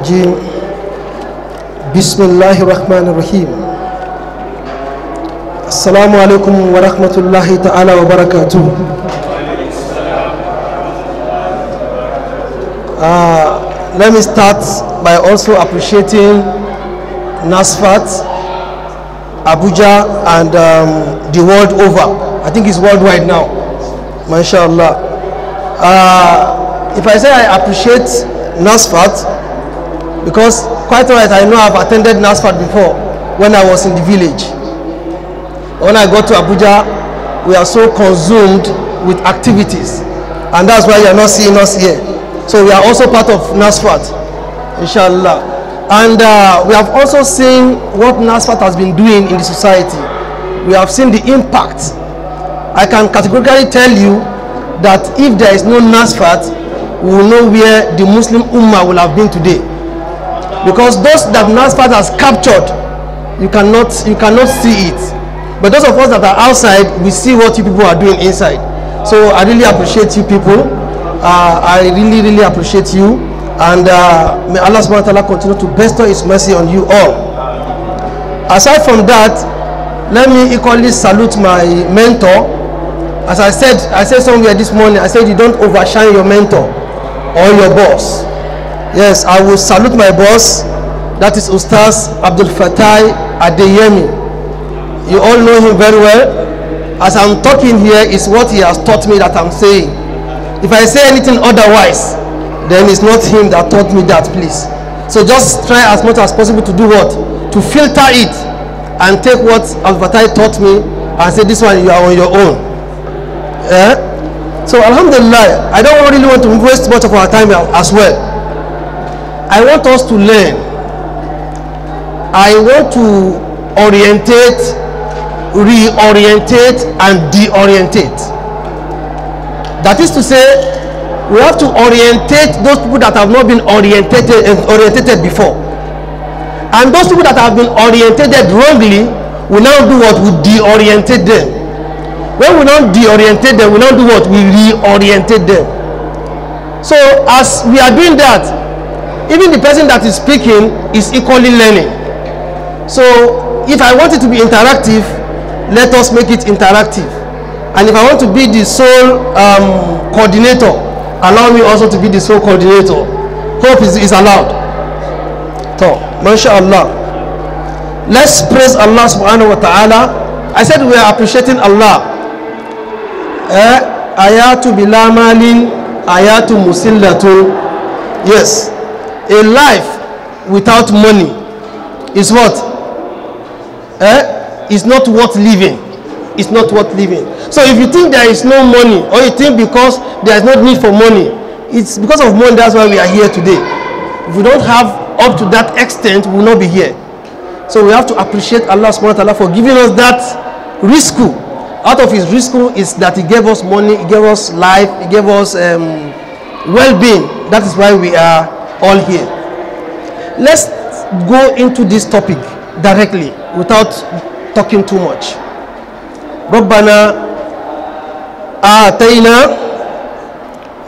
الرجيم بسم الله الرحمن الرحيم السلام عليكم ورحمة الله تعالى uh, let me start by also appreciating NASFAT, Abuja and um, the world over I think it's worldwide now mashallah uh, if I say I appreciate NASFAT because, quite right, I know I've attended NASFAT before when I was in the village. When I got to Abuja, we are so consumed with activities. And that's why you're not seeing us here. So we are also part of NASFAT, inshallah. And uh, we have also seen what NASFAT has been doing in the society. We have seen the impact. I can categorically tell you that if there is no NASFAT, we will know where the Muslim Ummah will have been today because those that NASFAT has captured, you cannot you cannot see it. But those of us that are outside, we see what you people are doing inside. So I really appreciate you people. Uh, I really really appreciate you, and uh, may Allah subhanahu wa taala continue to bestow His mercy on you all. Aside from that, let me equally salute my mentor. As I said, I said somewhere this morning, I said you don't overshine your mentor or your boss. Yes, I will salute my boss. That is Ustaz Abdul Fatai Adeyemi. You all know him very well. As I'm talking here is what he has taught me that I'm saying. If I say anything otherwise, then it's not him that taught me that, please. So just try as much as possible to do what? To filter it and take what Al-Fatai taught me and say, this one you are on your own. Yeah. So Alhamdulillah, I don't really want to waste much of our time as well. I want us to learn. I want to orientate, reorientate, and deorientate. That is to say, we have to orientate those people that have not been orientated eh, orientated before. And those people that have been orientated wrongly, we now do what? We deorientate them. When we now deorientate them, we now do what? We reorientate them. So as we are doing that, even the person that is speaking is equally learning so if i want it to be interactive let us make it interactive and if i want to be the sole um, coordinator allow me also to be the sole coordinator hope is, is allowed so Allah. let's praise allah subhanahu wa ta'ala i said we are appreciating allah eh? ayatu bilamalin ayatu musillatun yes a life without money is what? Eh? It's not worth living. It's not worth living. So if you think there is no money, or you think because there is no need for money, it's because of money that's why we are here today. If we don't have up to that extent, we will not be here. So we have to appreciate Allah subhanahu wa ta'ala for giving us that risk. Out of his risk is that he gave us money, he gave us life, he gave us um, well-being. That is why we are all here. Let's go into this topic directly without talking too much.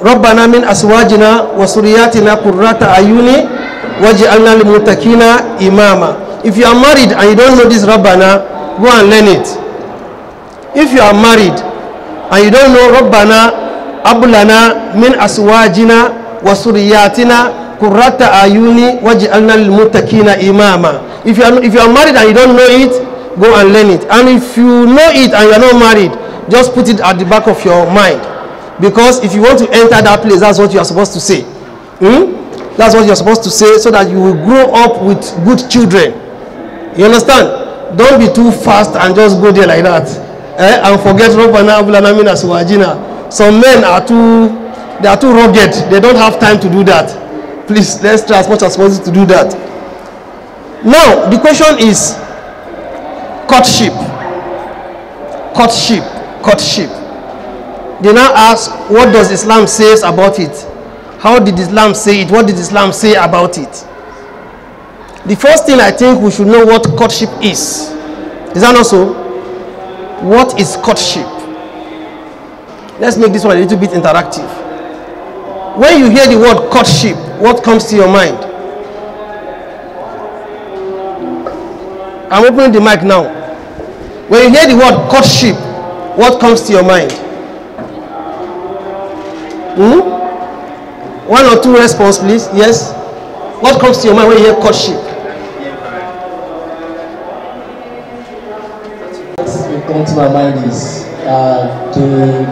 ربنا min aswajina من أسواجنا وسرياتنا ayuni أعين وجعلنا للمتقين imama. If you are married and you don't know this Rabbana, go and learn it. If you are married and you don't know Rabbana, abulana min aswajina وسرياتنا Qurrata ayuni waj'alna lil muttaqina imama. If you, are, if you are married and you don't know it, go and learn it. And if you know it and you are not married, just put it at the back of your mind. Because if you want to enter that place, that's what you are supposed to say. Hmm? That's what you are supposed to say so that you will grow up with good children. You understand? Don't be too fast and just go there like that. Eh? And forget Rabbana Abulanamina Suwajina. Some men are too, they are too rugged. They don't have time to do that. Please, let's try as much as possible to do that. Now, the question is courtship. Courtship. Courtship. They now ask, what does Islam says about it? How did Islam say it? What did Islam say about it? The first thing I think we should know what courtship is. Is that also What is courtship? Let's make this one a little bit interactive. When you hear the word courtship, what comes to your mind? I'm opening the mic now. When you hear the word courtship, what comes to your mind? Hmm? One or two response, please. Yes. What comes to your mind when you hear courtship? What comes to my mind is uh, the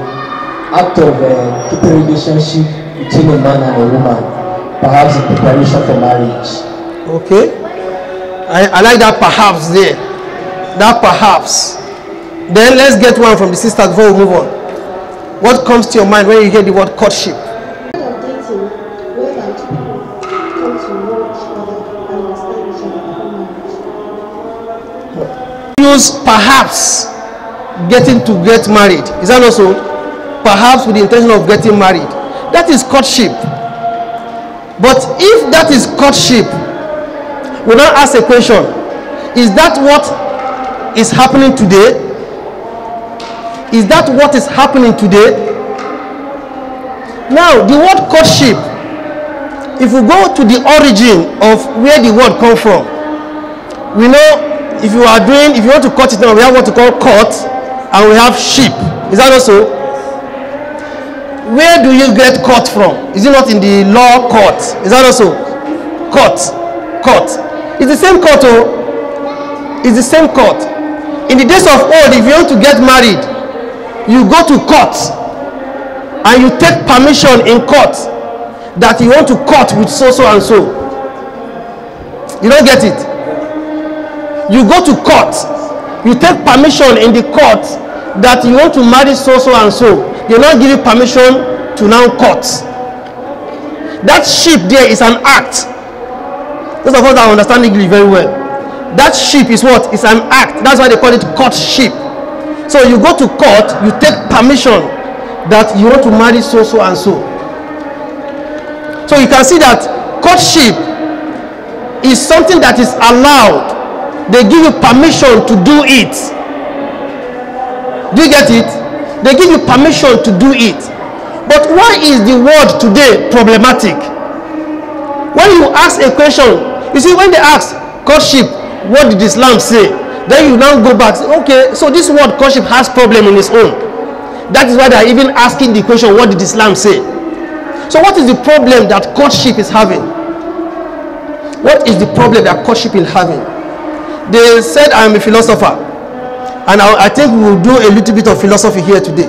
act of uh, keeping relationship between a man and a woman. perhaps in preparation for marriage. Okay. I, I like that perhaps there. That perhaps. Then let's get one from the sister before we move on. What comes to your mind when you hear the word courtship? Use perhaps getting to get married. Is that also? Perhaps with the intention of getting married. That is courtship. But if that is courtship, we now ask a question Is that what is happening today? Is that what is happening today? Now, the word courtship, if we go to the origin of where the word come from, we know if you are doing, if you want to cut it now, we have what we call cut and we have sheep. Is that also? where do you get court from? Is it not in the law court? Is that also? Court. Court. It's the same court, oh. It's the same court. In the days of old, if you want to get married, you go to court and you take permission in court that you want to court with so so and so. You don't get it. You go to court, you take permission in the court that you want to marry so so and so they now give you permission to now cut. That sheep there is an act. Those of us that understand English very well. That sheep is what? It's an act. That's why they call it cut sheep. So you go to court, you take permission that you want to marry so, so, and so. So you can see that courtship is something that is allowed. They give you permission to do it. Do you get it? they give you permission to do it. But why is the word today problematic? When you ask a question, you see, when they ask courtship, what did Islam say? Then you now go back, say, okay, so this word courtship has problem in its own. That is why they are even asking the question, what did Islam say? So what is the problem that courtship is having? What is the problem that courtship is having? They said, I am a philosopher and I, I think we'll do a little bit of philosophy here today.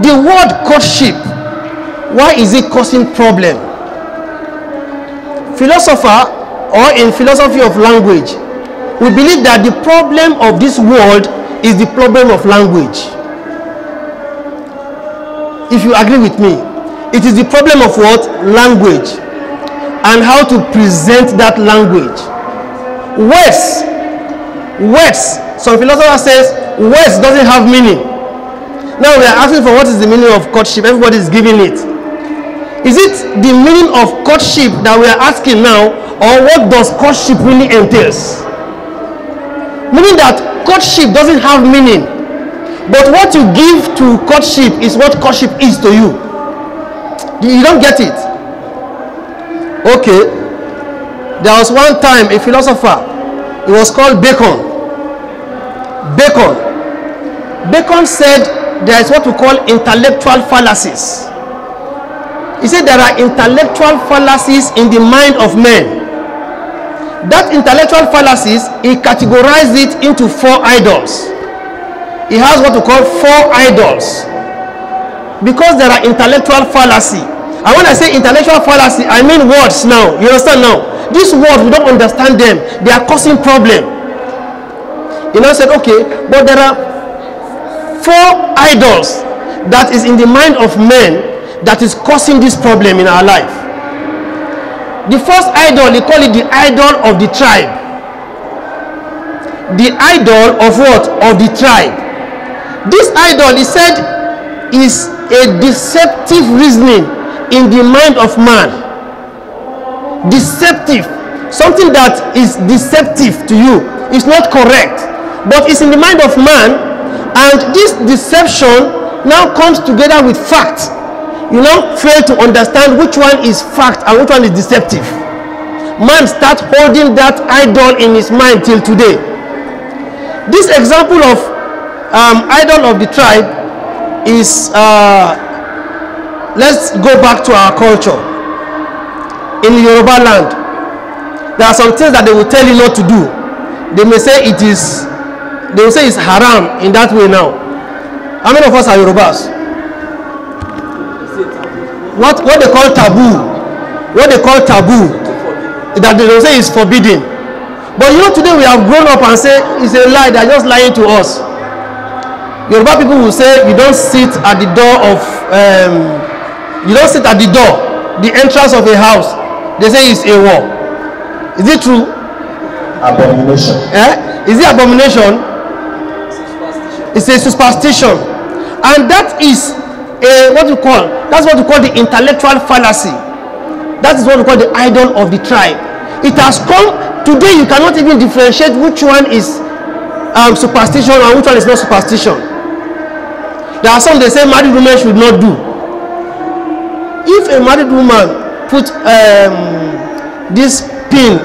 The word courtship, why is it causing problem? Philosopher or in philosophy of language, we believe that the problem of this world is the problem of language. If you agree with me, it is the problem of what? Language. And how to present that language. Worse words. Some philosopher says words doesn't have meaning. Now we are asking for what is the meaning of courtship. Everybody is giving it. Is it the meaning of courtship that we are asking now, or what does courtship really entails? Meaning that courtship doesn't have meaning, but what you give to courtship is what courtship is to you. You don't get it. Okay. There was one time a philosopher it was called Bacon. Bacon. Bacon said there is what we call intellectual fallacies. He said there are intellectual fallacies in the mind of men. That intellectual fallacies, he categorized it into four idols. He has what we call four idols. Because there are intellectual fallacy. And when I say intellectual fallacy, I mean words now. You understand now? these words, we don't understand them. They are causing problem. You know, I said, okay, but there are four idols that is in the mind of men that is causing this problem in our life. The first idol, they call it the idol of the tribe. The idol of what? Of the tribe. This idol, he said, is a deceptive reasoning in the mind of man deceptive something that is deceptive to you is not correct but it's in the mind of man and this deception now comes together with fact you now fail to understand which one is fact and which one is deceptive man start holding that idol in his mind till today this example of um, idol of the tribe is uh, let's go back to our culture in Yoruba land, there are some things that they will tell you not to do. They may say it is, they will say it's haram in that way now. How many of us are Yorubas? What, what they call taboo, what they call taboo, that they will say is forbidden. But you know today we have grown up and say it's a lie, they are just lying to us. Yoruba people will say you don't sit at the door of, um, you don't sit at the door, the entrance of a house They say it's a war. Is it true? Abomination. Eh? Is it abomination? It's a superstition. And that is a what you call that's what you call the intellectual fallacy. That is what we call the idol of the tribe. It has come today you cannot even differentiate which one is um, superstition and which one is not superstition. There are some they say married women should not do. If a married woman put um, this pin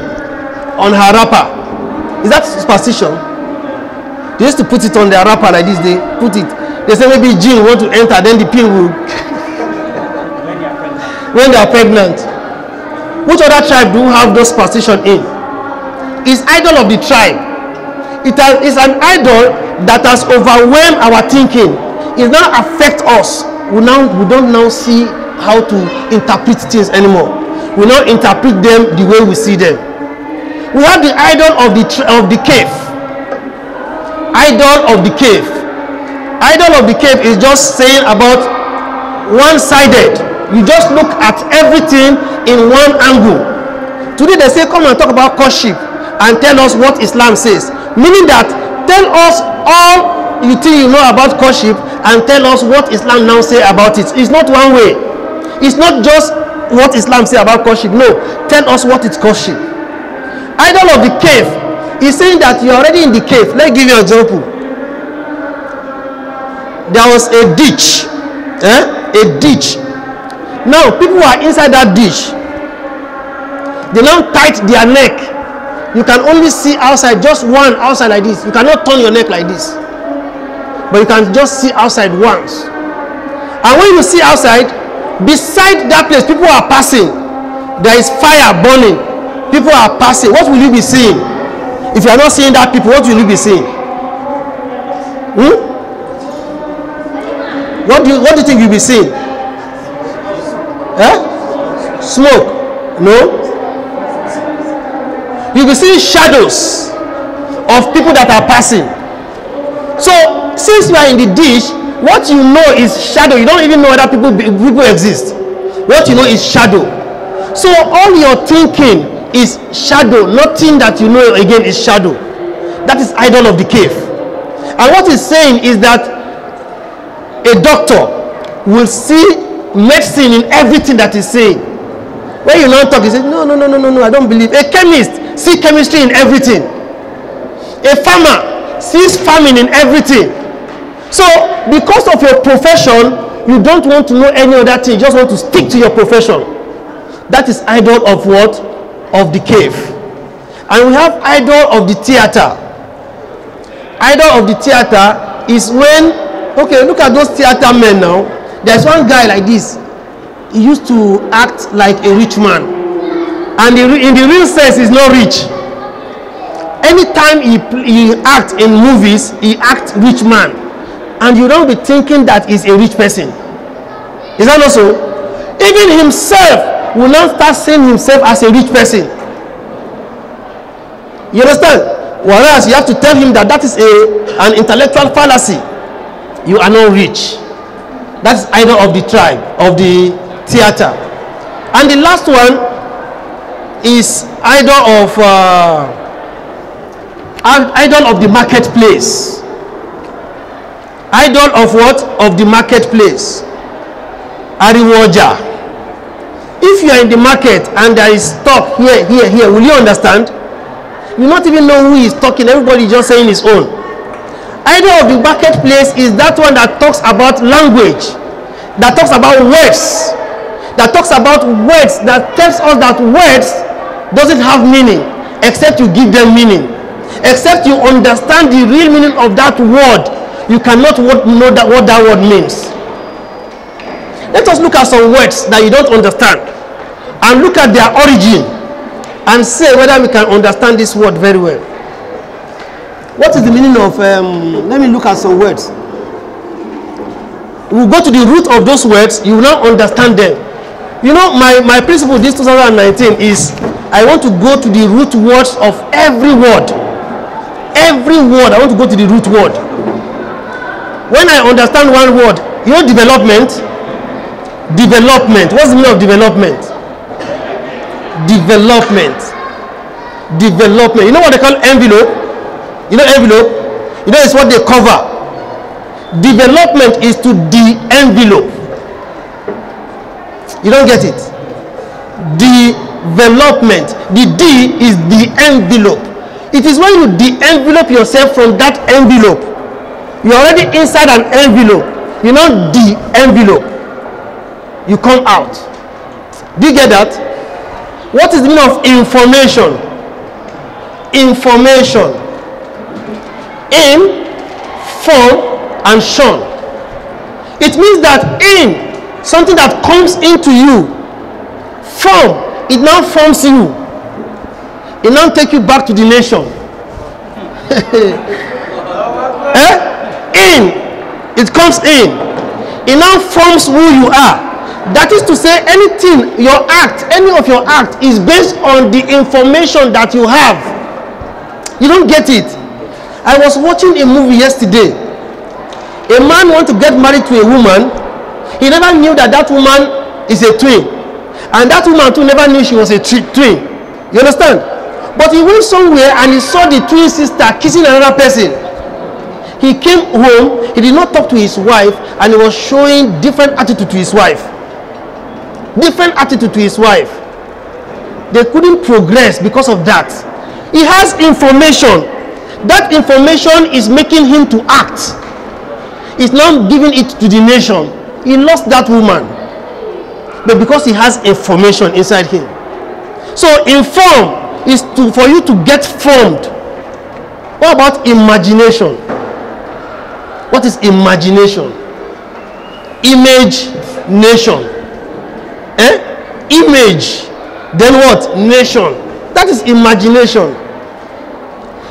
on her wrapper is that superstition they used to put it on their wrapper like this they put it they say maybe jinn want to enter then the pin will when they are pregnant which other tribe do have those superstition in is idol of the tribe it is an idol that has overwhelmed our thinking it now affect us we now we don't now see how to interpret things anymore we no interpret them the way we see them we have the idol of the of the cave idol of the cave idol of the cave is just saying about one-sided you just look at everything in one angle today they say come and talk about courtship and tell us what islam says meaning that tell us all you think you know about courtship and tell us what islam now say about it it's not one way it's not just what Islam say about courtship. No, tell us what is courtship. Idol of the cave is saying that you're already in the cave. Let me give you an example. There was a ditch, eh? a ditch. Now people are inside that ditch. They now tight their neck. You can only see outside, just one outside like this. You cannot turn your neck like this. But you can just see outside once. And when you see outside, beside that place people are passing there is fire burning people are passing what will you be seeing if you are not seeing that people what will you be seeing hmm? what do you what do you think you'll be seeing eh? smoke no You be seeing shadows of people that are passing so since you are in the dish. what you know is shadow you don't even know that people people exist what you know is shadow so all your thinking is shadow nothing that you know again is shadow that is idol of the cave and what he's saying is that a doctor will see medicine in everything that he's saying when you don't talk he says no no no no no no i don't believe a chemist see chemistry in everything a farmer sees farming in everything so, because of your profession, you don't want to know any other thing. You just want to stick to your profession. That is idol of what? Of the cave. And we have idol of the theater. Idol of the theater is when, okay, look at those theater men now. There's one guy like this. He used to act like a rich man. And in the real sense, he's not rich. Anytime he, he acts in movies, he acts rich man and you don't be thinking that he's a rich person. Is that not so? Even himself will not start seeing himself as a rich person. You understand? Whereas you have to tell him that that is a, an intellectual fallacy. You are not rich. That's either of the tribe, of the theater. And the last one is idol of uh, idol of the marketplace idol of what of the marketplace ariwo ọjà if you are in the market and there is talk here here here will you understand you not even know who is talking everybody just saying his own idol of the marketplace is that one that talks about language that talks about words that talks about words that tells us that words doesn't have meaning except you give them meaning except you understand the real meaning of that word you cannot know that what that word means. Let us look at some words that you don't understand and look at their origin and say whether we can understand this word very well. What is the meaning of, um, let me look at some words. We will go to the root of those words, you will now understand them. You know, my, my principle this 2019 is I want to go to the root words of every word. Every word, I want to go to the root word when I understand one word, you know development? Development. What's the meaning of development? Development. Development. You know what they call envelope? You know envelope? You know it's what they cover. Development is to de-envelope. You don't get it. Development. The D is the envelope. It is when you de-envelope yourself from that envelope you're already inside an envelope you know the envelope you come out do you get that what is the meaning of information information in form and shun it means that in something that comes into you form it now forms you it now take you back to the nation eh? it comes in it now forms who you are that is to say anything your act any of your act is based on the information that you have you don't get it i was watching a movie yesterday a man want to get married to a woman he never knew that that woman is a twin and that woman too never knew she was a twin you understand but he went somewhere and he saw the twin sister kissing another person He came home, he did not talk to his wife, and he was showing different attitude to his wife. Different attitude to his wife. They couldn't progress because of that. He has information. That information is making him to act. He's not giving it to the nation. He lost that woman. But because he has information inside him. So inform is to, for you to get formed. What about imagination? what is imagination image nation eh image then what nation that is imagination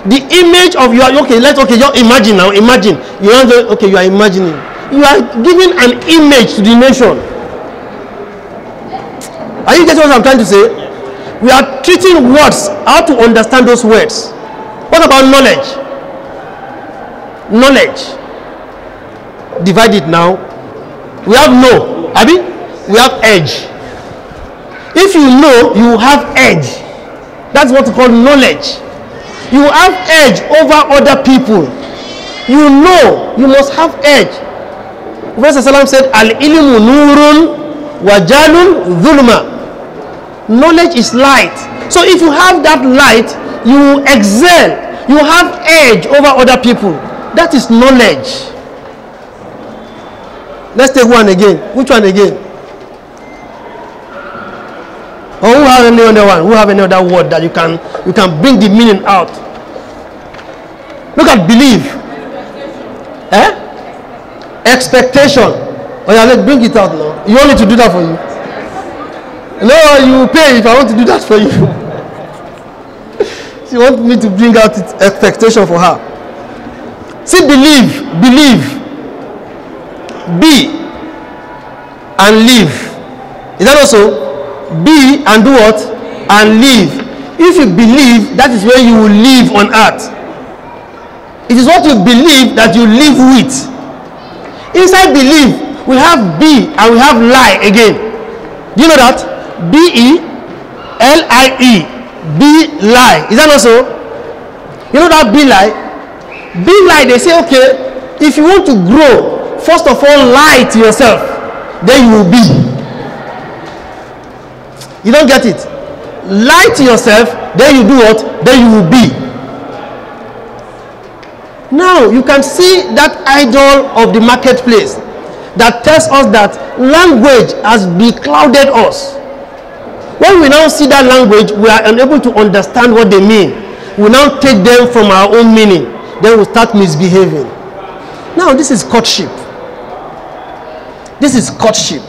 the image of your okay let's okay just imagine now imagine you want to okay you are imagining you are giving an image to the nation are you getting what i'm trying to say we are treating words how to understand those words what about knowledge knowledge divide it now we have no abi we have edge if you know you have edge that's what we call knowledge you have edge over other people you know you must have edge prophet said al ilmu nurun wajalun dhulma knowledge is light so if you have that light you excel you have edge over other people that is knowledge let's take one again which one again or oh, who have any other one who have any other word that you can you can bring the meaning out look at believe eh expectation oh yeah let's bring it out now you want me to do that for you no you pay if i want to do that for you she want me to bring out expectation for her see believe believe be and live is that also be and do what and live if you believe that is where you will live on earth it is what you believe that you live with inside believe we have be and we have lie again do you know that be l-i-e be lie is that also you know that be lie be lie they say okay if you want to grow First of all, lie to yourself. Then you will be. You don't get it. Lie to yourself. Then you do what? Then you will be. Now you can see that idol of the marketplace that tells us that language has beclouded us. When we now see that language, we are unable to understand what they mean. We now take them from our own meaning. Then we start misbehaving. Now, this is courtship. This is courtship.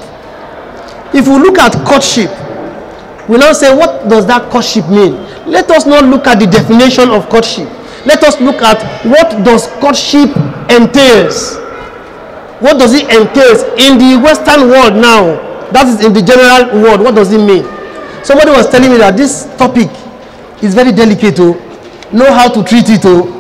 If we look at courtship, we now say, what does that courtship mean? Let us not look at the definition of courtship. Let us look at what does courtship entails. What does it entails in the Western world now? That is in the general world. What does it mean? Somebody was telling me that this topic is very delicate. Oh, know how to treat it. Oh,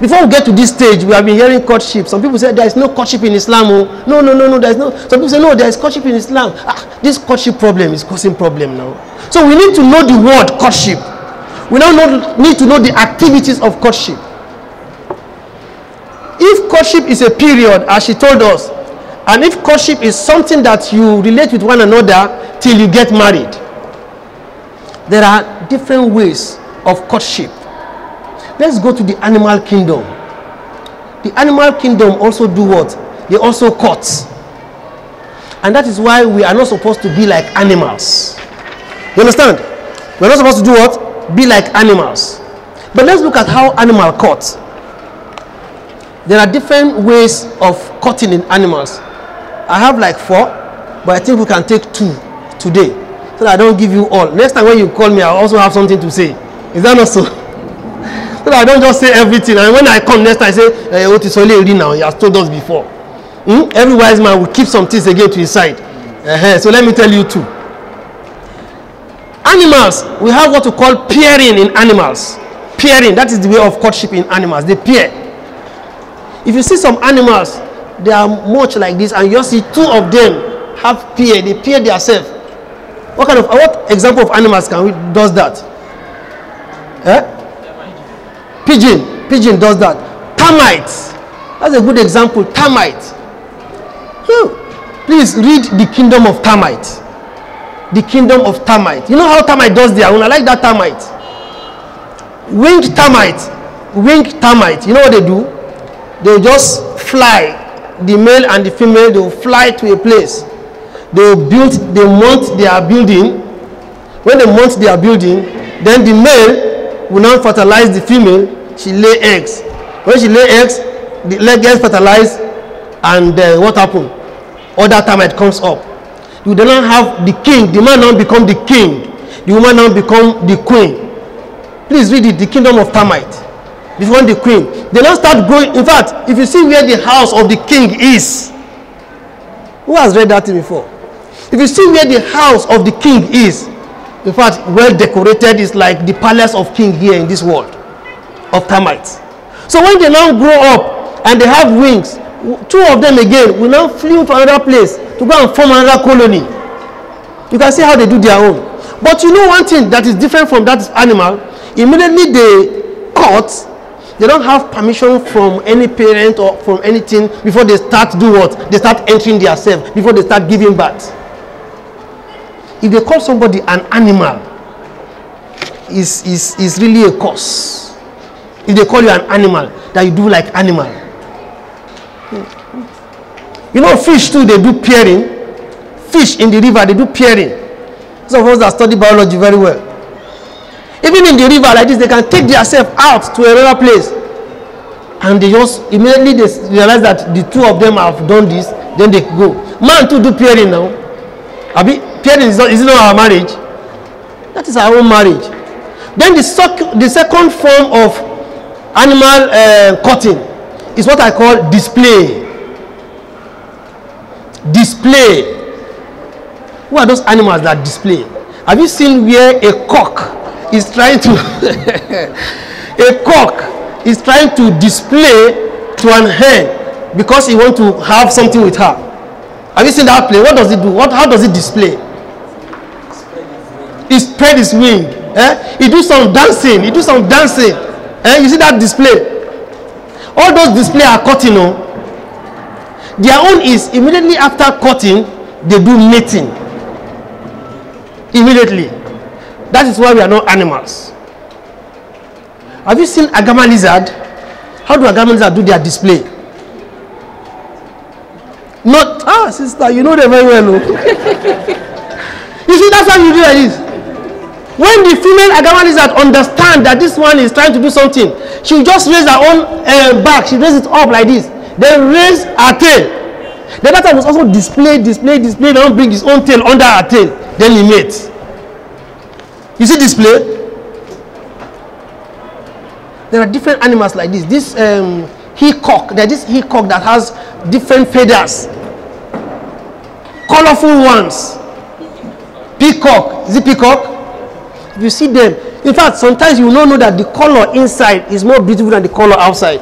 Before we get to this stage, we have been hearing courtship. Some people say there is no courtship in Islam. Oh. No, no, no, no, there is no. Some people say no, there is courtship in Islam. Ah, this courtship problem is causing problem now. So we need to know the word courtship. We now know, need to know the activities of courtship. If courtship is a period, as she told us, and if courtship is something that you relate with one another till you get married, there are different ways of courtship. Let's go to the animal kingdom. The animal kingdom also do what? They also cut. And that is why we are not supposed to be like animals. You understand? We're not supposed to do what? Be like animals. But let's look at how animal cut. There are different ways of cutting in animals. I have like four, but I think we can take two today so that I don't give you all. Next time when you call me, I also have something to say. Is that not so? so that I don't just say everything. And when I come next I say, eh, what is only reading now? He has told us before. Hmm? Every wise man will keep some things again to his side. Uh -huh. So let me tell you too. Animals, we have what we call pairing in animals. Pairing, that is the way of courtship in animals. They pair. If you see some animals, they are much like this, and you see two of them have pair. They pair themselves. What kind of what example of animals can we does that? Eh? Pigeon, pigeon does that. Termites. That's a good example. Termites. Please read the kingdom of termites. The kingdom of termites. You know how termite does their own? I like that termite. Winged termites. Winged termites. You know what they do? They just fly. The male and the female, they will fly to a place. They will build, they mount their building. When they mount their building, then the male will now fertilize the female she lay eggs. When she lay eggs, the leg gets fertilized, and uh, what happened? Other termite comes up. You do not have the king. The man now become the king. The woman now become the queen. Please read it. The kingdom of termite. This one, the queen. They now start growing. In fact, if you see where the house of the king is, who has read that before? If you see where the house of the king is, in fact, well decorated is like the palace of king here in this world. of termites. So when they now grow up and they have wings, two of them again will now flew to another place to go and form another colony. You can see how they do their own. But you know one thing that is different from that animal, immediately they cut, they don't have permission from any parent or from anything before they start do what? They start entering themselves before they start giving birth. If they call somebody an animal, is is is really a curse if they call you an animal that you do like animal you know fish too they do pairing fish in the river they do pairing some of us that study biology very well even in the river like this they can take themselves out to another place and they just immediately they realize that the two of them have done this then they go man too do pairing now abi pairing is not is not our marriage that is our own marriage then the, sec the second form of animal uh, cutting is what I call display display who are those animals that display have you seen where a cock is trying to a cock is trying to display to an hen because he want to have something with her have you seen that play what does it do what how does it display he spread his wing eh he do some dancing he do some dancing Eh, you see that display? All those display are cutting. No? Their own is immediately after cutting, they do mating. Immediately. That is why we are not animals. Have you seen agama lizard? How do agama lizard do their display? Not, ah, sister, you know them very well. No? you see, that's how you do like this. When the female agamalazard understand that this one is trying to do something, she just raise her own uh, back. She raises it up like this. Then raise her tail. Then that was also displayed, displayed, displayed. Don't bring his own tail under her tail. Then he mates. You see display? There are different animals like this. This um, cock. there is this cock that has different feathers. Colorful ones. Peacock. Is it peacock? you see them in fact sometimes you no know that the color inside is more beautiful than the color outside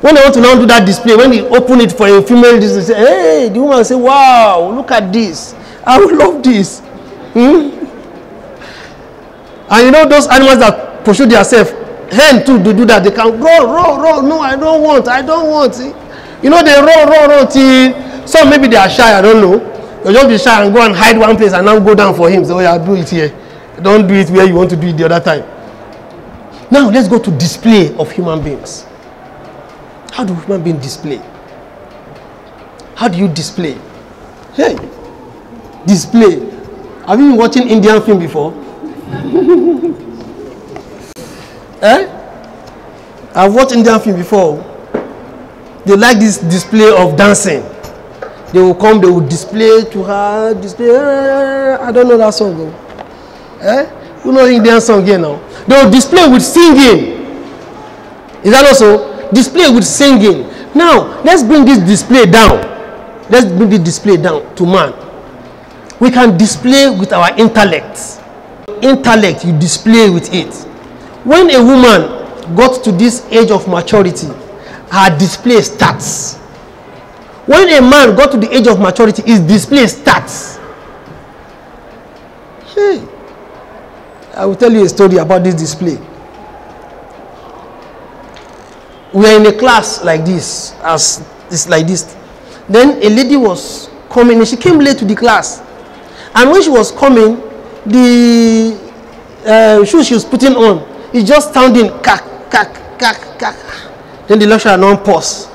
when they want to now do that display when they open it for a female they say hey the woman say wow look at this i will love this hmm? and you know those animals that pursue themselves hen too dey do that they can roll roll roll no i don't want i don't want you know they roll roll roll till some maybe they are shy i don't know they just be shy and go and hide one place and now go down for him say so, oh, oya yeah, do it here Don't do it where you want to do it the other time. Now let's go to display of human beings. How do human beings display? How do you display? Hey, display. Have you been watching Indian film before? eh? I've watched Indian film before. They like this display of dancing. They will come, they will display to her, display. Eh, I don't know that song though. Eh? We know Indian song again now. They will display with singing. Is that also? Display with singing. Now, let's bring this display down. Let's bring the display down to man. We can display with our intellect. Intellect, you display with it. When a woman got to this age of maturity, her display starts. When a man got to the age of maturity, his display starts. Hey. I will tell you a story about this display. We are in a class like this, as it's like this. Then a lady was coming, she came late to the class. And when she was coming, the uh, shoe she was putting on, it just sounding kak, kak, kak, kak. Then the lecturer non pause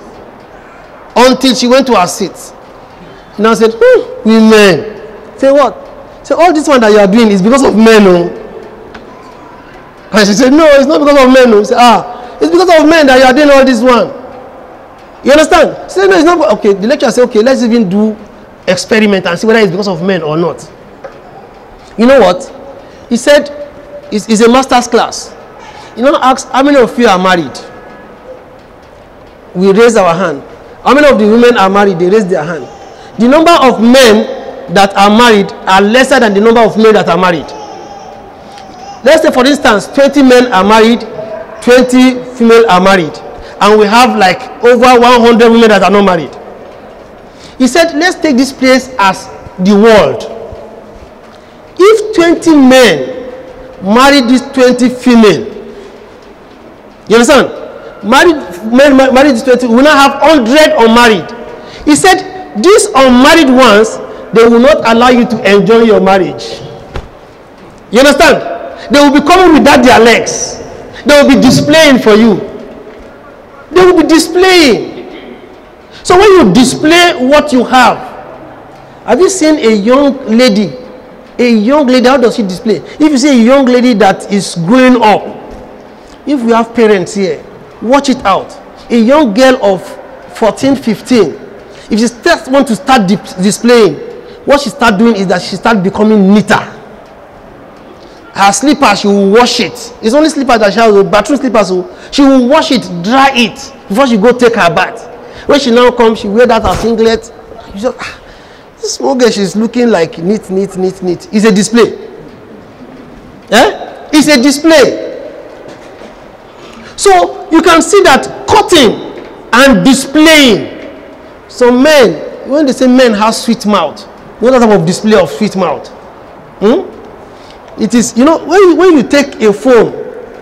until she went to her seat. She now said, hmm, women. Say what? Say all this one that you are doing is because of men. Oh. And she said, No, it's not because of men. No. Said, ah, it's because of men that you are doing all this one. You understand? She said, No, it's not. Okay, the lecturer said, Okay, let's even do experiment and see whether it's because of men or not. You know what? He said, It's, it's a master's class. You know, ask how many of you are married? We raise our hand. How many of the women are married? They raise their hand. The number of men that are married are lesser than the number of men that are married let's say for instance 20 men are married 20 female are married and we have like over 100 women that are not married he said let's take this place as the world if 20 men marry these 20 female you understand married men married these 20 we now have 100 unmarried he said these unmarried ones they will not allow you to enjoy your marriage you understand They will be coming without their legs. They will be displaying for you. They will be displaying. So when you display what you have, have you seen a young lady? A young lady, how does she display? If you see a young lady that is growing up, if we have parents here, watch it out. A young girl of fourteen, fifteen. if she starts want to start displaying, what she start doing is that she start becoming neater her slippers she will wash it it's only slippers that she has But oh, bathroom slippers oh. she will wash it dry it before she go take her bath when she now come she wear that her singlet you just ah this small girl she's looking like neat neat neat neat it's a display eh it's a display so you can see that cutting and displaying some men when they say men have sweet mouth you know that type of display of sweet mouth hmm it is, you know, when you, when you take a phone,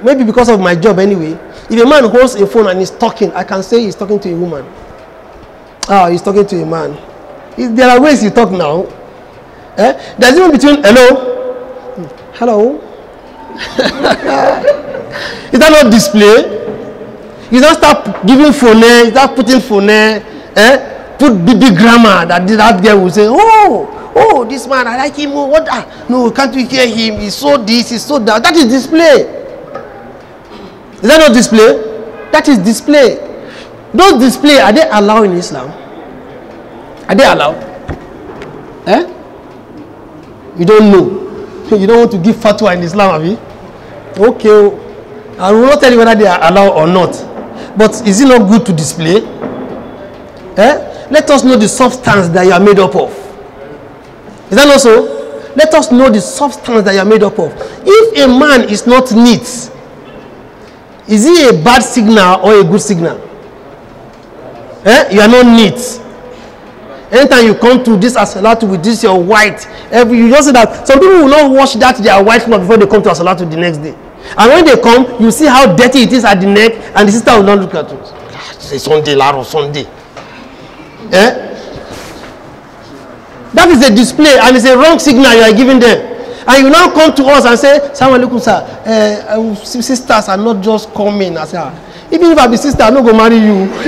maybe because of my job anyway, if a man holds a phone and he's talking, I can say he's talking to a woman. Ah, oh, he's talking to a man. there are ways you talk now. Eh? There's even between hello, hello. is that not display? You don't start giving phone, eh? you start putting phone, eh? eh? put big grammar that that girl will say, oh. Oh, this man, I like him. Oh, what? Ah, no, can't we hear him? He's so this, he's so that. That is display. Is that not display? That is display. Those display, are they allowed in Islam? Are they allowed? Eh? You don't know. You don't want to give fatwa in Islam, have you? Okay. Oh. I will not tell you whether they are allowed or not. But is it not good to display? Eh? Let us know the substance that you are made up of. Is that not so? Let us know the substance that you are made up of. If a man is not neat, is he a bad signal or a good signal? Eh? You are not neat. Anytime you come to this asalatu with this your white, every you just see that some people will not wash that their white cloth before they come to asalatu the next day. And when they come, you see how dirty it is at the neck, and the sister will not look at you. It's ah, Sunday, Laro, Sunday. Eh? That is a display and it's a wrong signal you are giving them. And you now come to us and say, Salaam alaikum, sir, uh, uh, sisters are not just coming. I ah, even if I be sister, I'm not going to marry you.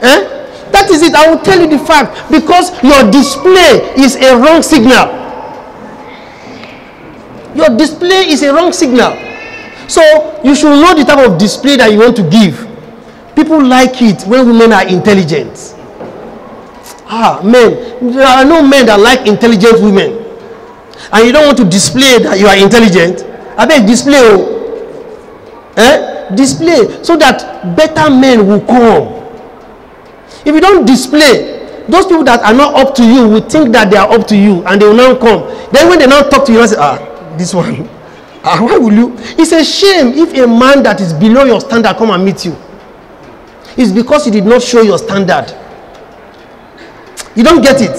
eh? That is it. I will tell you the fact because your display is a wrong signal. Your display is a wrong signal. So you should know the type of display that you want to give. People like it when women are intelligent Ah, men. There are no men that like intelligent women. And you don't want to display that you are intelligent. I beg display. Oh. Eh? Display so that better men will come. If you don't display, those people that are not up to you will think that they are up to you and they will now come. Then when they now talk to you, you say, ah, this one. Ah, why will you? It's a shame if a man that is below your standard come and meet you. It's because you did not show your standard. You don't get it.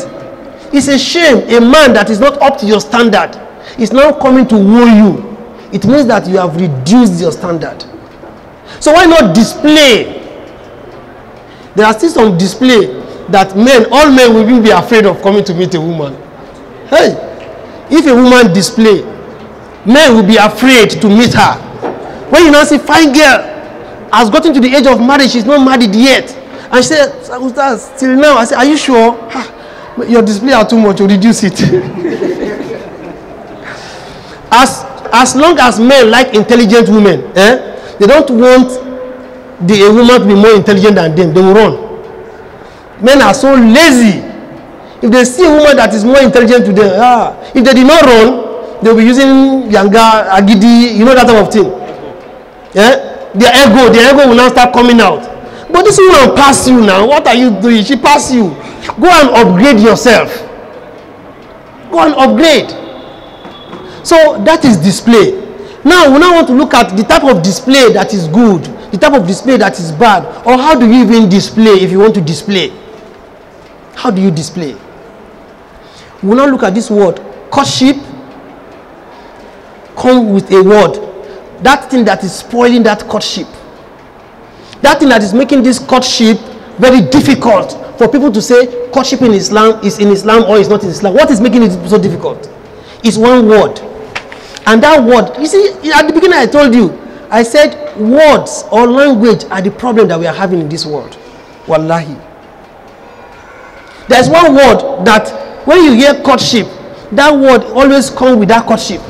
It's a shame a man that is not up to your standard is now coming to woo you. It means that you have reduced your standard. So why not display? There are still some display that men, all men will be afraid of coming to meet a woman. Hey, if a woman display, men will be afraid to meet her. When you now see fine girl has gotten to the age of marriage, she's not married yet. And she said, Ustaz, till now, I said, are you sure? Ha, your display are too much, you reduce it. as, as long as men like intelligent women, eh, they don't want the, a woman to be more intelligent than them, they will run. Men are so lazy. If they see a woman that is more intelligent to them, ah, if they did not run, they will be using yanga, agidi, you know that type of thing. Yeah? Their ego, their ego will now start coming out. But this woman passed you now. What are you doing? She passed you. Go and upgrade yourself. Go and upgrade. So that is display. Now we now want to look at the type of display that is good, the type of display that is bad, or how do you even display if you want to display? How do you display? We now look at this word courtship. Come with a word. That thing that is spoiling that courtship. That thing that is making this courtship very difficult for people to say courtship in Islam is in Islam or is not in Islam. What is making it so difficult? Is one word. And that word, you see, at the beginning I told you, I said words or language are the problem that we are having in this world. Wallahi. There's one word that when you hear courtship, that word always come with that courtship.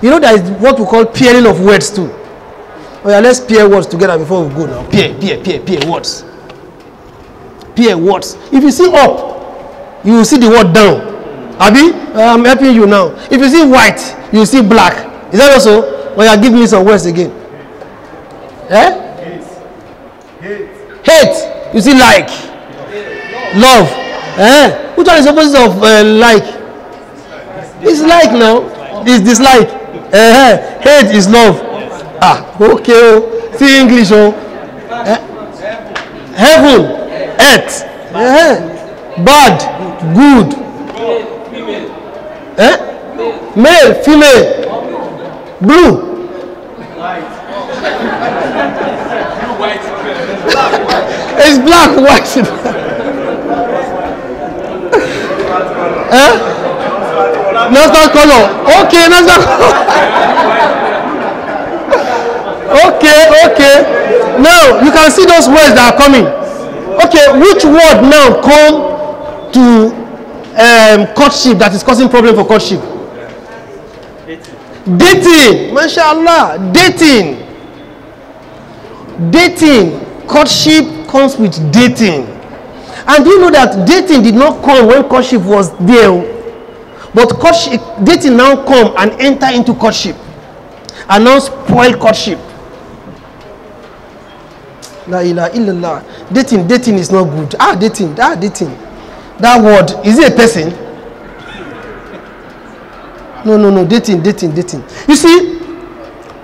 You know, there is what we call peering of words too. Oh yeah, let's pair words together before we go now. Pair, pair, pair, pair words. Pair words. If you see up, you will see the word down. Abi, I'm helping you now. If you see white, you see black. Is that also? Oh yeah, give me some words again. Eh? Hate. Hate. Hate. You see like. Love. Eh? Which one is opposite of uh, like? It's like now. It's dislike. Eh? eh. Hate is love. ah okay. o sí english o eh, heaven earth eh, bad good eh? male female blue it's black white eh? national color okay national color. Okay, okay. Now you can see those words that are coming. Okay, which word now come to um, courtship that is causing problem for courtship? Dating. Dating. Mashallah. Dating. Dating. Courtship comes with dating. And do you know that dating did not come when courtship was there? But courtship, dating now come and enter into courtship and now spoil courtship. La ilaha illallah. Dating, dating is not good. Ah, dating, ah, dating. That word, is it a person? No, no, no, dating, dating, dating. You see,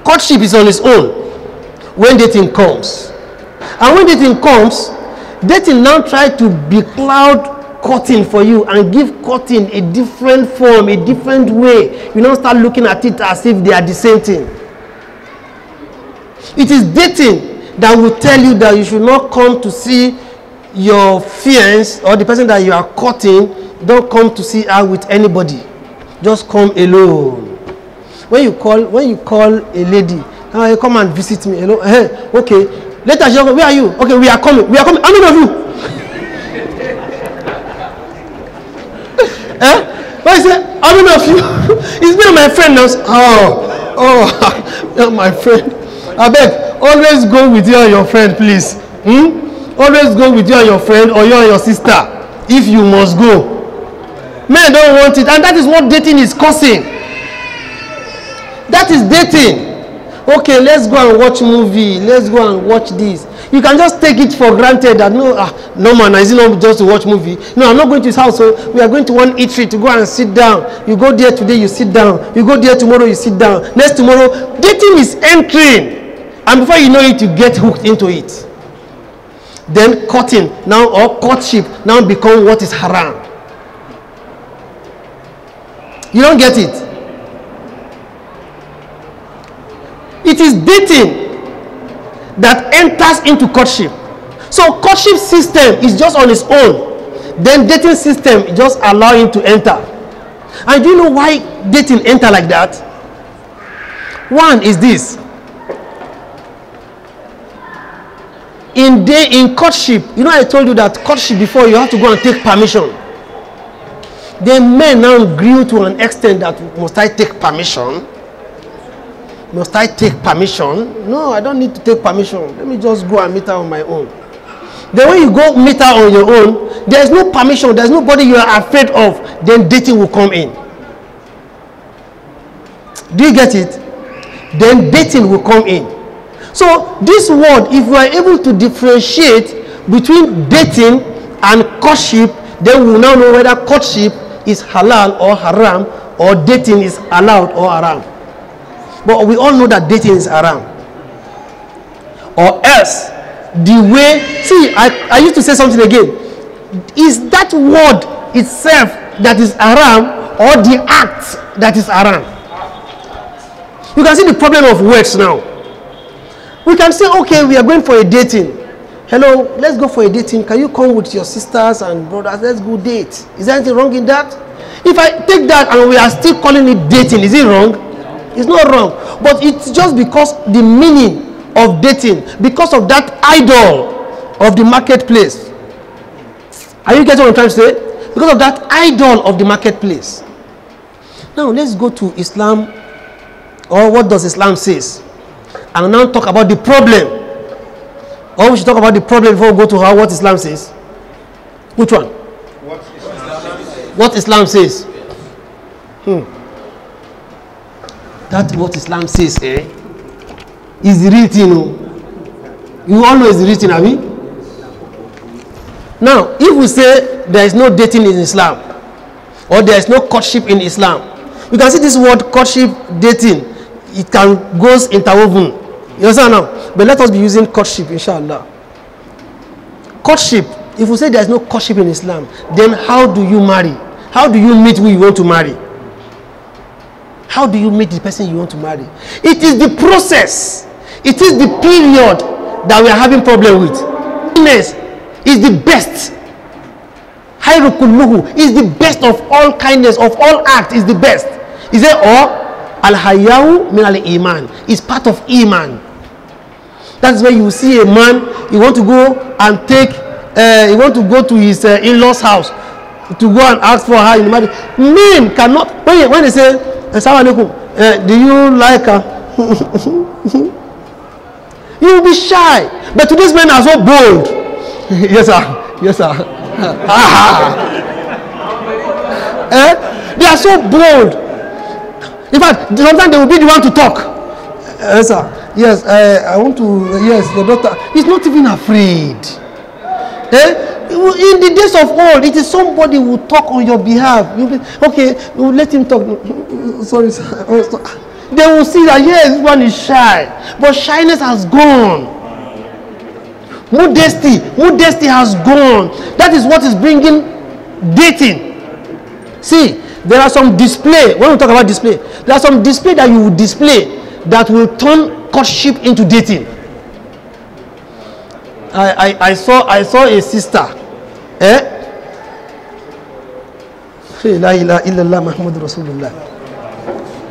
courtship is on its own when dating comes. And when dating comes, dating now try to be cloud cutting for you and give cutting a different form, a different way. You now start looking at it as if they are the same thing. It is dating that will tell you that you should not come to see your friends or the person that you are courting don't come to see her with anybody just come alone when you call when you call a lady ah hey, come and visit me hello hey okay later she go where are you okay we are coming we are coming how many of you eh why you say how many of you it's me my friend now oh oh my friend abeg always go with you and your friend please hmm? always go with you and your friend or you and your sister if you must go men don want it and that is what dating is causing that is dating okay let's go and watch movie let's go and watch this you can just take it for granted that no ah no man is it not just to watch movie no i'm not going to his house so we are going to one eatery to go and sit down you go there today you sit down you go there tomorrow you sit down next tomorrow dating is entering And before you know it, you get hooked into it. Then cutting now or courtship now become what is haram. You don't get it. It is dating that enters into courtship. So courtship system is just on its own. Then dating system just allow to enter. And do you know why dating enter like that? One is this in day in courtship you know i told you that courtship before you have to go and take permission then men now grew to an extent that must i take permission must i take permission no i don't need to take permission let me just go and meet her on my own then when you go meet her on your own there's no permission there's nobody you are afraid of then dating will come in do you get it then dating will come in So this word, if we are able to differentiate between dating and courtship, then we will now know whether courtship is halal or haram or dating is allowed or haram. But we all know that dating is haram. Or else, the way, see, I, I used to say something again. Is that word itself that is haram or the act that is haram? You can see the problem of words now we can say okay we are going for a dating hello let's go for a dating can you come with your sisters and brothers let's go date is there anything wrong in that if i take that and we are still calling it dating is it wrong it's not wrong but it's just because the meaning of dating because of that idol of the marketplace are you getting what i'm trying to say because of that idol of the marketplace now let's go to islam or what does islam says and now talk about the problem or we should talk about the problem before we go to how what Islam says which one what Islam says, Hmm. that what Islam says eh is the real thing o oh. you all know is the real thing abi now if we say there is no dating in Islam or there is no courtship in Islam you can see this word courtship dating it can goes interwoven You understand now? But let us be using courtship, inshallah. Courtship. If we say there is no courtship in Islam, then how do you marry? How do you meet who you want to marry? How do you meet the person you want to marry? It is the process. It is the period that we are having problem with. Happiness is the best. Hayrukulluhu is the best of all kindness, of all acts is the best. Is it all? Al-hayahu min al-iman. is part of iman. That's where you see a man, he want to go and take, uh, he want to go to his uh, in-laws house to go and ask for her in marriage. Men cannot, when, when they say, eh, Assalamu alaikum, uh, do you like her? you will be shy. But today's men are so bold. yes, sir. Yes, sir. eh? They are so bold. In fact, sometimes they will be the one to talk. Uh, eh, sir, yes, I, I want to, yes, the doctor. He's not even afraid. Eh? In the days of old, it is somebody who talk on your behalf. You be, okay, you let him talk. Sorry, sir. Oh, they will see that, yes, this one is shy. But shyness has gone. Modesty, modesty has gone. That is what is bringing dating. See, there are some display when we talk about display there are some display that you will display that will turn courtship into dating I, I, I saw I saw a sister eh la ilaha illallah Muhammad Rasulullah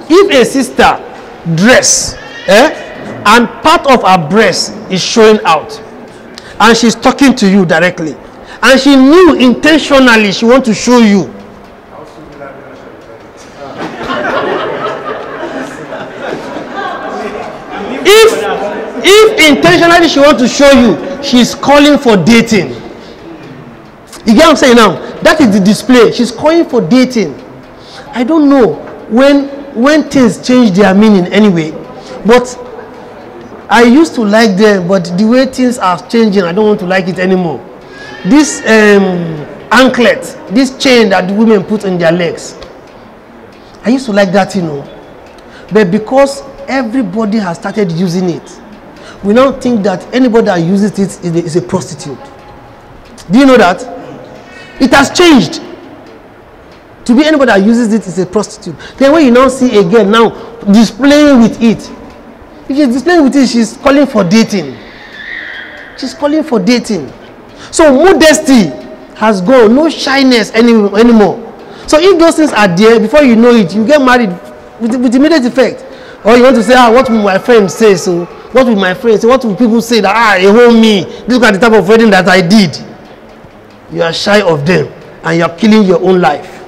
if a sister dress eh and part of her breast is showing out and she's talking to you directly and she knew intentionally she want to show you if if intentionally she want to show you she is calling for dating you get what i'm saying now that is the display she's calling for dating i don't know when when things change their meaning anyway but i used to like them but the way things are changing i don't want to like it anymore this um, anklet this chain that the women put on their legs i used to like that you know but because everybody has started using it. We now think that anybody that uses it is a, is a prostitute. Do you know that? It has changed. To be anybody that uses it is a prostitute. Then when you now see again now displaying with it, if she's displaying with it, she's calling for dating. She's calling for dating. So modesty has gone, no shyness any, anymore. So if those things are there, before you know it, you get married with, with immediate effect. Or you want to say, ah, what will my friends say? So, what will my friends say? What will people say that, ah, you owe me? Look at the type of wedding that I did. You are shy of them and you are killing your own life.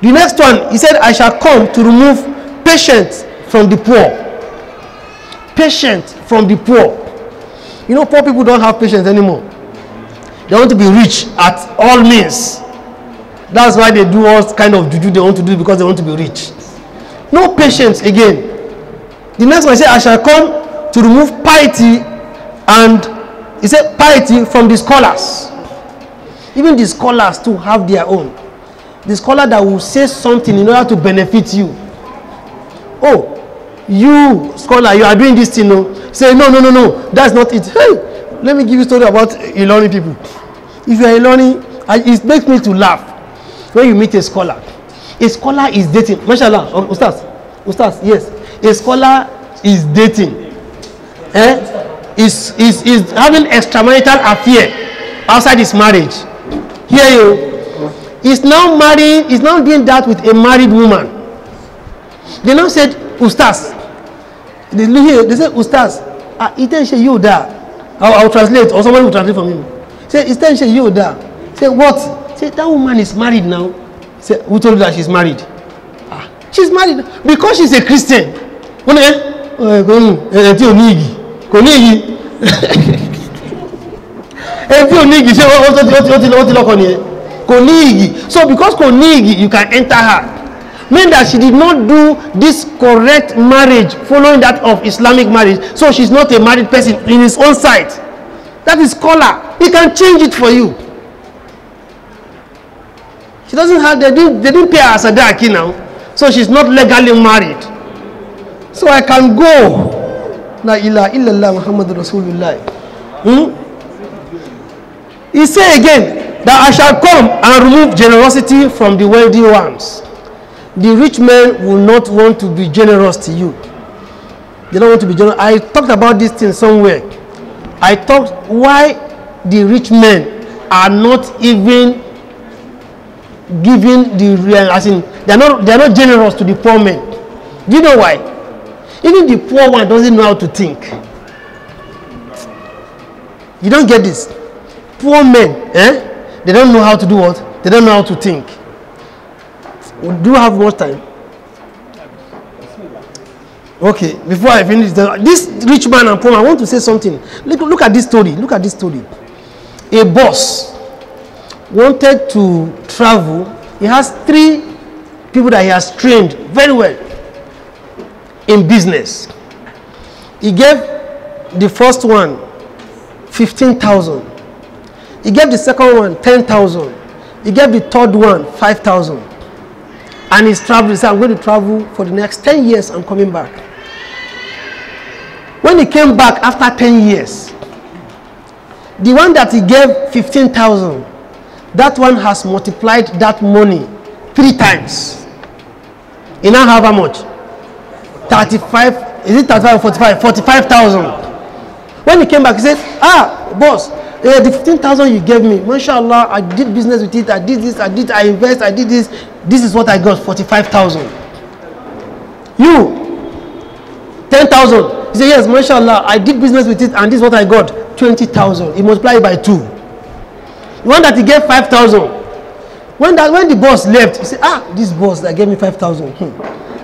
The next one, he said, I shall come to remove patience from the poor. Patience from the poor. You know, poor people don't have patience anymore. They want to be rich at all means. That's why they do all kind of juju they want to do because they want to be rich. no patience again the next one he said i shall come to remove piety and he said piety from the scholars even the scholars too have their own the scholar that will say something in order to benefit you oh you scholar you are doing this thing no say no no no no that's not it hey let me give you story about Ilorin people if you are Ilorin it makes me to laugh when you meet a scholar a scholar is dating mashallah um, ustaz ustaz yes a scholar is dating eh is is is having extramarital affair outside his marriage hear you he's now marrying he's now doing that with a married woman they now said ustaz they look here they say ustaz ah iten se you da i will translate or somebody will translate for me say iten se you da say what say that woman is married now say who told you that she is married ah is married because she is a christian wọn ni ẹ ẹ tí ò ní igi kò ní igi ẹ eh, tí ò ní igi ṣé ó ti lọ́kọ nìyẹn kò ní igi so because kò ní igi you can enter her mean that she did not do this correct marriage following that of islamic marriage so she is not a married person in his own sight that is color he can change it for you She doesn't have, they didn't, they didn't pay her sadaki now. So she's not legally married. So I can go. Na ila ilaha illallah Muhammad Rasulullah. Hmm? He say again that I shall come and remove generosity from the wealthy ones. The rich men will not want to be generous to you. They don't want to be generous. I talked about this thing somewhere. I talked why the rich men are not even giving the real as in they are not they are not generous to the poor men do you know why even the poor one doesn't know how to think you don't get this poor men eh they don't know how to do what they don't know how to think do you have more time okay before i finish the, this rich man and poor man i want to say something look look at this story look at this story a boss wanted to travel, he has three people that he has trained very well in business. He gave the first one fifteen thousand. He gave the second one ten thousand. He gave the third one five thousand. And he's traveling. He said, I'm going to travel for the next ten years. I'm coming back. When he came back after ten years, the one that he gave fifteen thousand. that one has multiplied that money three times. You now have how much? 35, is it 35 or 45? 45,000. When he came back, he said, ah, boss, uh, the 15,000 you gave me, mashallah, I did business with it, I did this, I did, I invest, I did this, this is what I got, 45,000. You, 10,000. He said, yes, mashallah, I did business with it and this is what I got, 20,000. He multiplied by two. The one that he gave five thousand when that when the boss left he say ah this boss that gave me five thousand hmm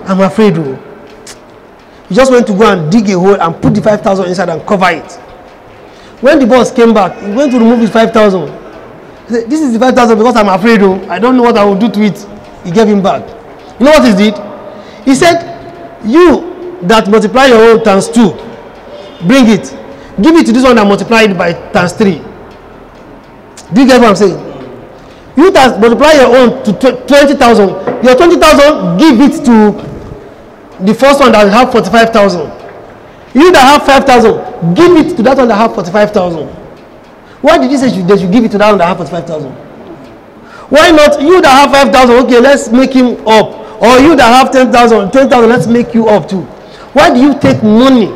i'm afraid o oh. he just went to go and dig a hole and put the five thousand inside and cover it when the boss came back he went to remove his five thousand he say this is the five thousand because i'm afraid o oh. i don't know what i will do to it he gave him back you know what he did he said you that multiply your own times two bring it give it to this one that multiplied by times three Do you get what I'm saying? You that multiply your own to 20,000, your 20,000, give it to the first one that have 45,000. You that have 5,000, give it to that one that have 45,000. Why did you say that you give it to that one that have 45,000? Why not you that have 5,000, okay, let's make him up. Or you that have 10,000, 10,000, let's make you up too. Why do you take money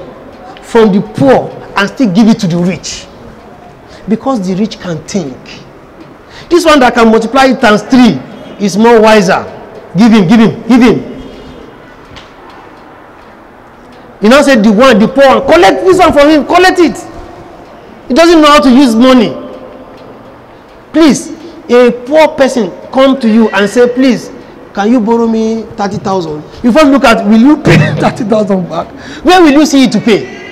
from the poor and still give it to the rich? because the rich can think. This one that can multiply it times three is more wiser. Give him, give him, give him. He now say the one, the poor one, collect this one from him, collect it. He doesn't know how to use money. Please, a poor person come to you and say, please, can you borrow me thirty thousand? You first look at, will you pay thirty thousand back? Where will you see it to pay?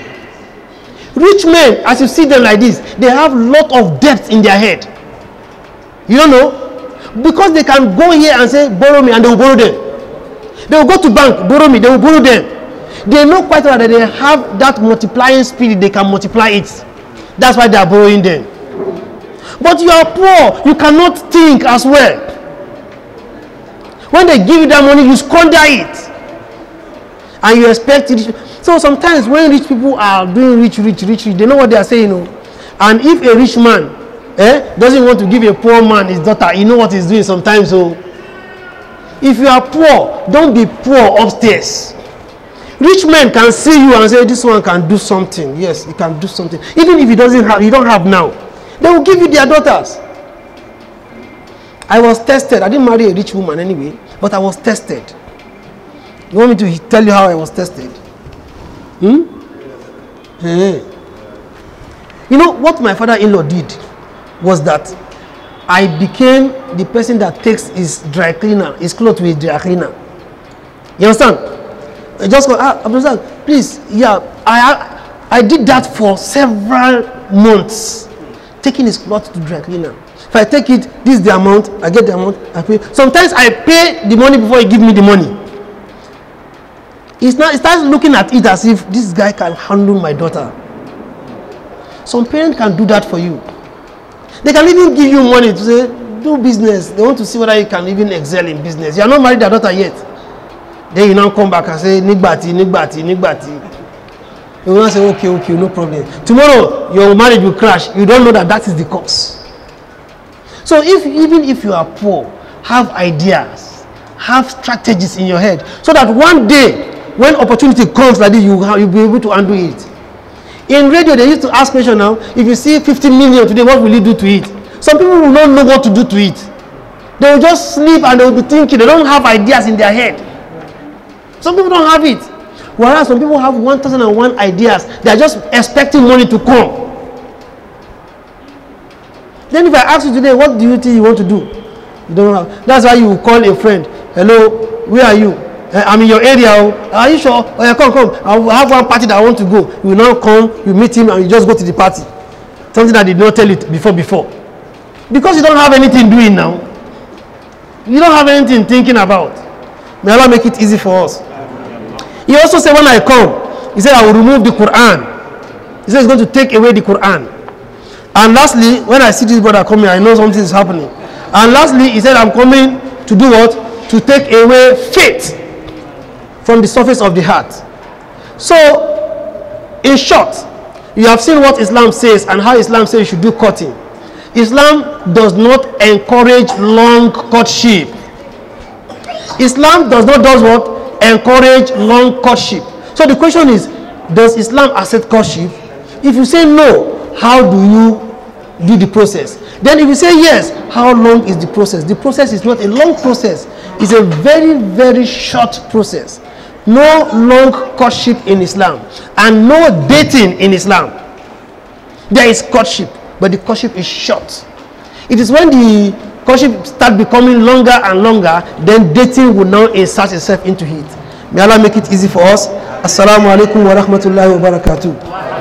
Rich men, as you see them like this, they have lot of debts in their head. You don't know? Because they can go here and say, borrow me, and they will borrow them. They will go to bank, borrow me, they will borrow them. They know quite well that they have that multiplying spirit, they can multiply it. That's why they are borrowing them. But you are poor, you cannot think as well. When they give you that money, you squander it and you expect rich so sometimes when rich people are doing rich rich rich rich they know what they are saying o and if a rich man eh doesn't want to give a poor man his daughter you know what he's doing sometimes o if you are poor don't be poor upstairs rich men can see you and say this one can do something yes he can do something even if he doesn't have he don't have now they will give you their daughters i was tested i didn't marry a rich woman anyway but i was tested You want me to tell you how I was tested? Hmm? Hey. Eh. You know what my father-in-law did was that I became the person that takes his dry cleaner, his clothes with dry cleaner. You understand? I just go, ah, Abdul please, yeah, I, I, I did that for several months, taking his clothes to dry cleaner. If I take it, this is the amount, I get the amount, I pay. Sometimes I pay the money before he give me the money. It's now he starts looking at it as if this guy can handle my daughter. Some parents can do that for you. They can even give you money to say, do business. They want to see whether you can even excel in business. You are not married their daughter yet. Then you now come back and say, Nigbati, Nigbati, Nigbati. You will now say, okay, okay, no problem. Tomorrow, your marriage will crash. You don't know that that is the cause. So if even if you are poor, have ideas, have strategies in your head so that one day when opportunity comes like this, you have, you'll be able to undo it. In radio, they used to ask question now, if you see 50 million today, what will you do to it? Some people will not know what to do to it. They will just sleep and they will be thinking. They don't have ideas in their head. Some people don't have it. Whereas some people have 1,001 ideas. They are just expecting money to come. Then if I ask you today, what do you think you want to do? You don't have. That's why you call a friend. Hello, where are you? Eh, I'm in your area. Oh. Are you sure? Oh, yeah, come, come. I have one party that I want to go. You now come, you meet him, and you just go to the party. Something I did not tell it before, before. Because you don't have anything doing now. You don't have anything thinking about. May Allah make it easy for us. He also said, when I come, he said, I will remove the Quran. He said, he's going to take away the Quran. And lastly, when I see this brother coming, I know something is happening. And lastly, he said, I'm coming to do what? To take away faith from the surface of the heart. So, in short, you have seen what Islam says and how Islam says you should do courtship. Islam does not encourage long courtship. Islam does not does what? Encourage long courtship. So the question is, does Islam accept courtship? If you say no, how do you do the process? Then if you say yes, how long is the process? The process is not a long process. It's a very, very short process no long courtship in Islam and no dating in Islam. There is courtship, but the courtship is short. It is when the courtship start becoming longer and longer, then dating will now insert itself into it. May Allah make it easy for us. Assalamu alaikum wa rahmatullahi wa barakatuh.